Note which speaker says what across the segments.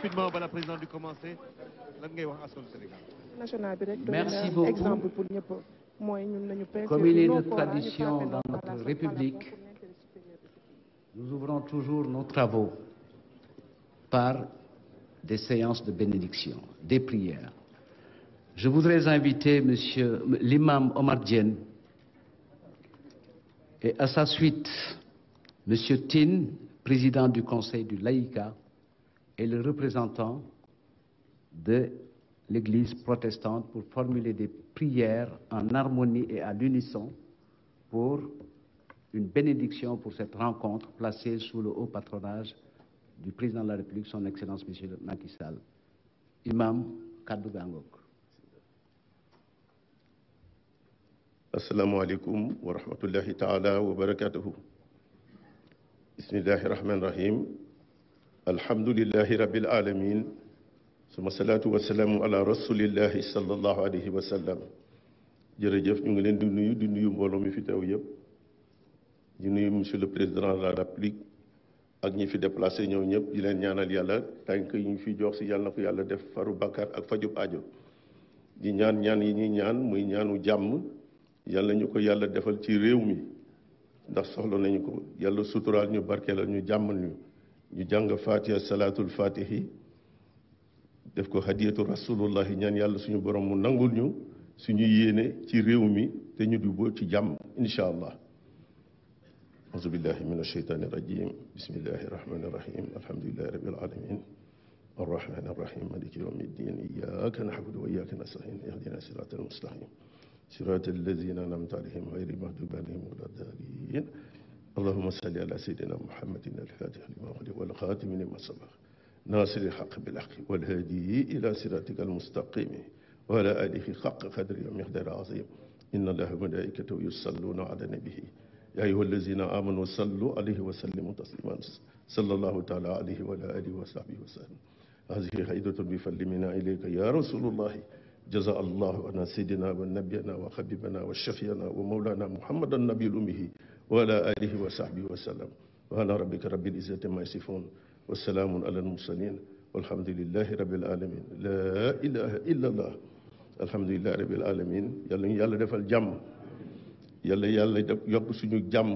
Speaker 1: rapidement bala président di ngay wax askanu Sénégal. national bi rek doy comme il est de tradition dans notre République
Speaker 2: nous ouvrons toujours nos travaux par des séances de bénédiction des prières je voudrais inviter monsieur l'imam Omar et à sa suite monsieur Tine président du conseil du Laïka est le représentant de l'Église protestante pour formuler des prières en harmonie et à l'unisson pour une bénédiction pour cette rencontre placée sous le haut patronage du président de la République, son Excellence Monsieur Macky Imam kaddu
Speaker 3: wa rahmatullahi alhamdulillahi rabbil alamin suma salaatu wasalaamu ala rasulillahi sallallahu alayhi wa sallam jërëjëf ñu ngi leen di nuyu di nuyu mbooloo mi fi teew yëpp di nuyu monsieur le président de la république ak ñi fi déplacé ñëw ñëpp di leen ñaanal yàlla tànk yi ñu fi jox si yàlla na ko yàlla def faru bàkkaar ak fajub aajo di ñaan ñaan yi ñuy ñaan muy ñaanu jàmm yàlla ñu ko yàlla defal ci réew mi ndax soxla nañu ko yàlla suturaal ñu la ñu jàmmal ñu ñu jàng fatiha salaatul fatihi def ko hadiyatu rasulullahi ñaan yàlla suñu borom mu nangul ñu suñu yéene ci réew mi te ñu duboo ci jàmm incha allah auzu billahi min alsheytaani irajim bismillahi irrahmani irrahim alhamdulilahi rabbil alamin arrahmani irrahim maliki yawmi ddin iyyaka na'budu wa iyyaka nasta'in ihdina siraatal mustaqim siraatal lazina an'amta alayhim ghayril maghdubi alayhim wala ddaalliin اللهم صل على سيدنا محمد الفاتح لما أغلق والخاتم لما سبق ناصر الحق بالحق والهادي إلى صراطك المستقيم وعلى آله حق قدر ومقدار عظيم إن الله وملائكته يصلون على نبيه يا أيها الذين آمنوا صلوا عليه وسلموا تسليما صلى الله تعالى عليه وعلى آله وصحبه وسلم هذه حيدة بفضل منا إليك يا رسول الله جزاء الله عنا سيدنا ونبينا وحبيبنا وشفينا ومولانا محمدا النبي الأمه wa ala alihi wa sahbihi wa sallam wa ala rabbika rabbil izzati ma yasifun wa salaamun ala al mursalin walhamdulillahi rabbil alamin la ilaha illa allah alhamdulillahi rabbil alamin yàlla ñu yàlla defal jàmm yàlla yàlla yokk suñu jàmm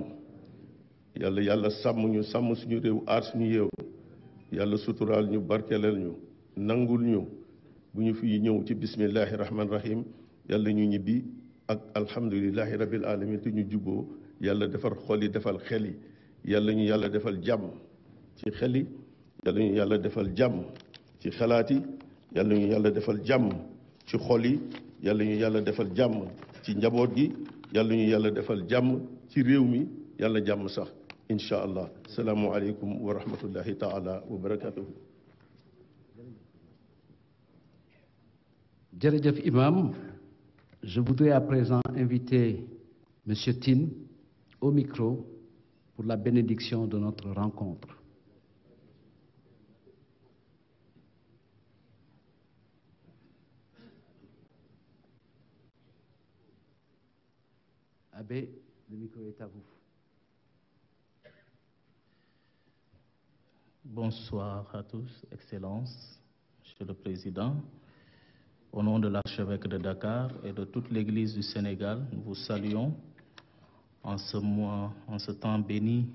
Speaker 3: yàlla yàlla sàmm ñu sàmm suñu réew aar suñu yeew yàlla suturaal ñu barkeleel ñu nangul ñu bu ñu fi ñëw ci bismillahi rahman rahim yàlla ñu ñibbi ak alhamdulillahi rabbil alamin te ñu juboo yàlla defar xol yi defal xel yi yàlla ñu yàlla defal jàmm ci xel yi yàlla ñu yàlla defal jàmm ci xalaat yi yàlla ñu yàlla defal jàmm ci xol yi yàlla ñu yàlla defal jàmm ci njaboot gi yàlla ñu yàlla defal jàmm ci réew mi yàlla jàmm sax incha allah salaamualeykum wa rahmatullahi taala wa barakatuhu jërëjëf imam
Speaker 2: je voudrais à inviter monsieur Tine au micro pour la bénédiction de notre rencontre. Abbé, le micro est à vous.
Speaker 4: Bonsoir à tous, Excellences, Monsieur le Président. Au nom de l'archevêque de Dakar et de toute l'Église du Sénégal, nous vous saluons en ce mois, en ce temps béni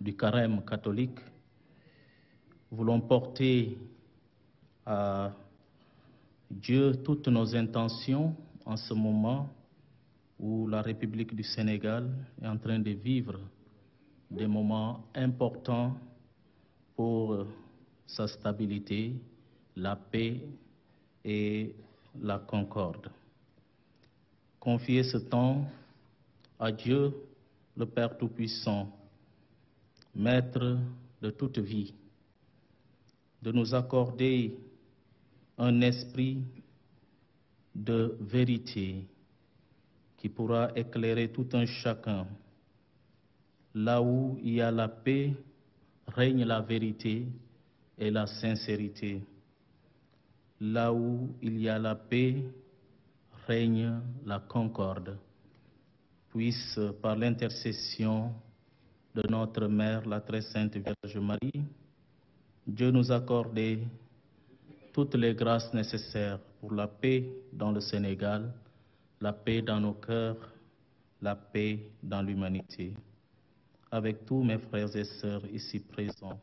Speaker 4: du carême catholique, voulons porter à Dieu toutes nos intentions en ce moment où la République du Sénégal est en train de vivre des moments importants pour sa stabilité, la paix et la concorde. Confier ce temps à Dieu, le Père Tout-Puissant, Maître de toute vie, de nous accorder un esprit de vérité qui pourra éclairer tout un chacun. Là où il y a la paix, règne la vérité et la sincérité. Là où il y a la paix, règne la concorde. puisse, euh, par l'intercession de notre Mère, la Très Sainte Vierge Marie, Dieu nous accorder toutes les grâces nécessaires pour la paix dans le Sénégal, la paix dans nos cœurs, la paix dans l'humanité. Avec tous mes frères et sœurs ici présents,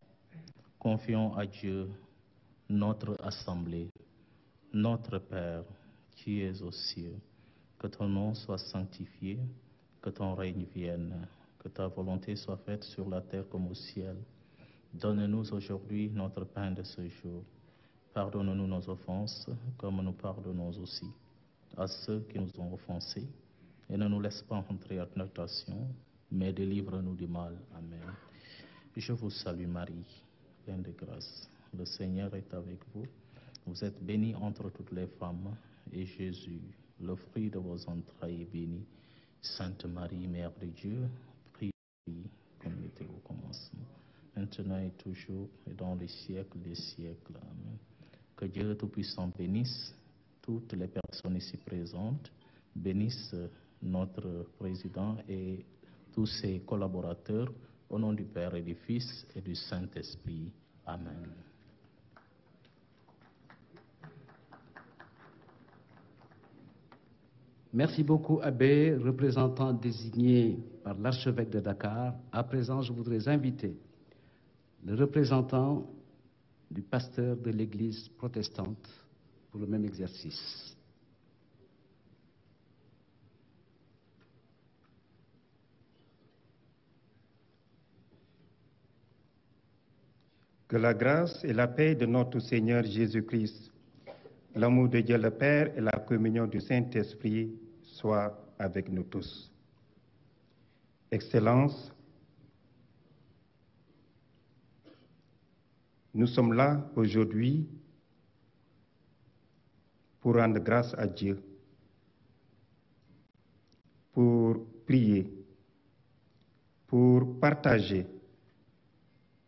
Speaker 4: confions à Dieu notre assemblée. Notre Père, qui es aux cieux, que ton nom soit sanctifié que ton règne vienne, que ta volonté soit faite sur la terre comme au ciel. Donne-nous aujourd'hui notre pain de ce jour. Pardonne-nous nos offenses, comme nous pardonnons aussi à ceux qui nous ont offensés. Et ne nous laisse pas entrer en mais délivre-nous du mal. Amen. Je vous salue Marie, pleine de grâce. Le Seigneur est avec vous. Vous êtes bénie entre toutes les femmes, et Jésus, le fruit de vos entrailles, béni. Sainte Marie, Mère de Dieu, priez comme il était toujours, et dans les siècles des siècles. Amen. Que Dieu Tout-Puissant bénisse toutes les personnes ici présentes, bénisse notre président et tous ses collaborateurs, au nom du Père et du du Saint-Esprit. Amen.
Speaker 2: Merci beaucoup, Abbé, représentant désigné par l'archevêque de Dakar. À présent, je voudrais inviter le représentant du pasteur de l'Église protestante pour le même exercice.
Speaker 1: Que la grâce et la paix de notre Seigneur Jésus-Christ, l'amour de Dieu le Père et la communion du Saint-Esprit soit avec nous tous. Excellences, nous sommes là aujourd'hui pour rendre grâce à Dieu, pour prier, pour partager,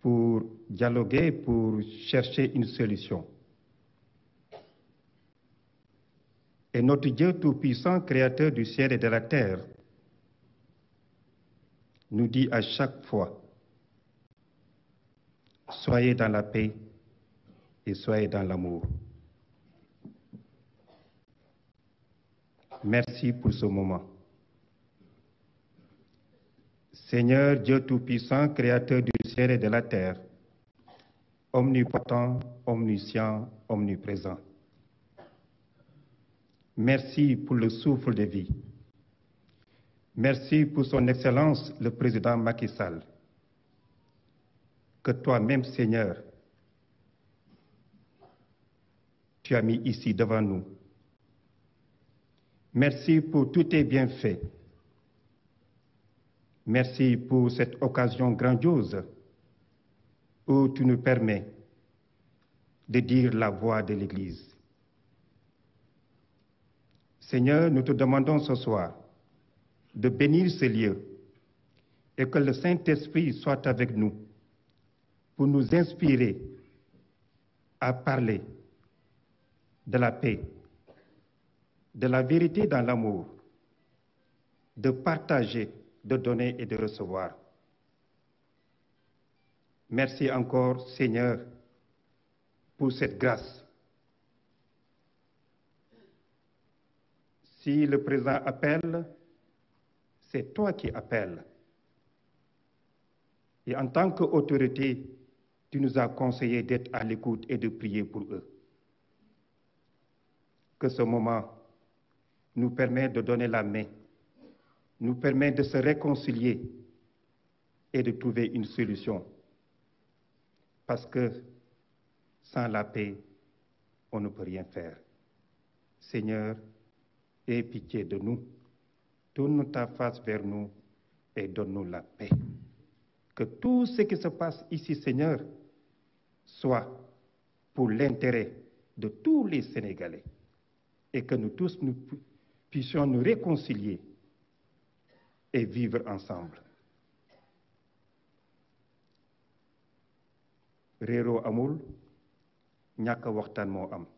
Speaker 1: pour dialoguer, pour chercher une solution. et notre Dieu Tout-Puissant, Créateur du ciel et de la terre, nous dit à chaque fois, soyez dans la paix et soyez dans l'amour. Merci pour ce moment. Seigneur Dieu Tout-Puissant, Créateur du ciel et de la terre, omnipotent, omniscient, omniprésent. Merci pour le souffle de vie. Merci pour son excellence, le président Macky Sall. Que toi-même, Seigneur, tu as mis ici devant nous. Merci pour tous tes bienfaits. Merci pour cette occasion grandiose où tu nous permets de dire la voix de l'Église. Seigneur, nous te demandons ce soir de bénir ce lieu et que le Saint-Esprit soit avec nous pour nous inspirer à parler de la paix, de la vérité dans l'amour, de partager, de donner et de recevoir. Merci encore, Seigneur, pour cette grâce Si le président appelle, c'est toi qui appelles. Et en tant qu'autorité, tu nous as conseillé d'être à l'écoute et de prier pour eux. Que ce moment nous permet de donner la main, nous permet de se réconcilier et de trouver une solution. Parce que sans la paix, on ne peut rien faire. Seigneur, aie pitié de nous. Tourne ta face vers nous et donne-nous la paix. Que tout ce qui se passe ici, Seigneur, soit pour l'intérêt de tous les Sénégalais et que nous tous nous puissions nous réconcilier et vivre ensemble. réeroo amul ñàkk waxtaan moo am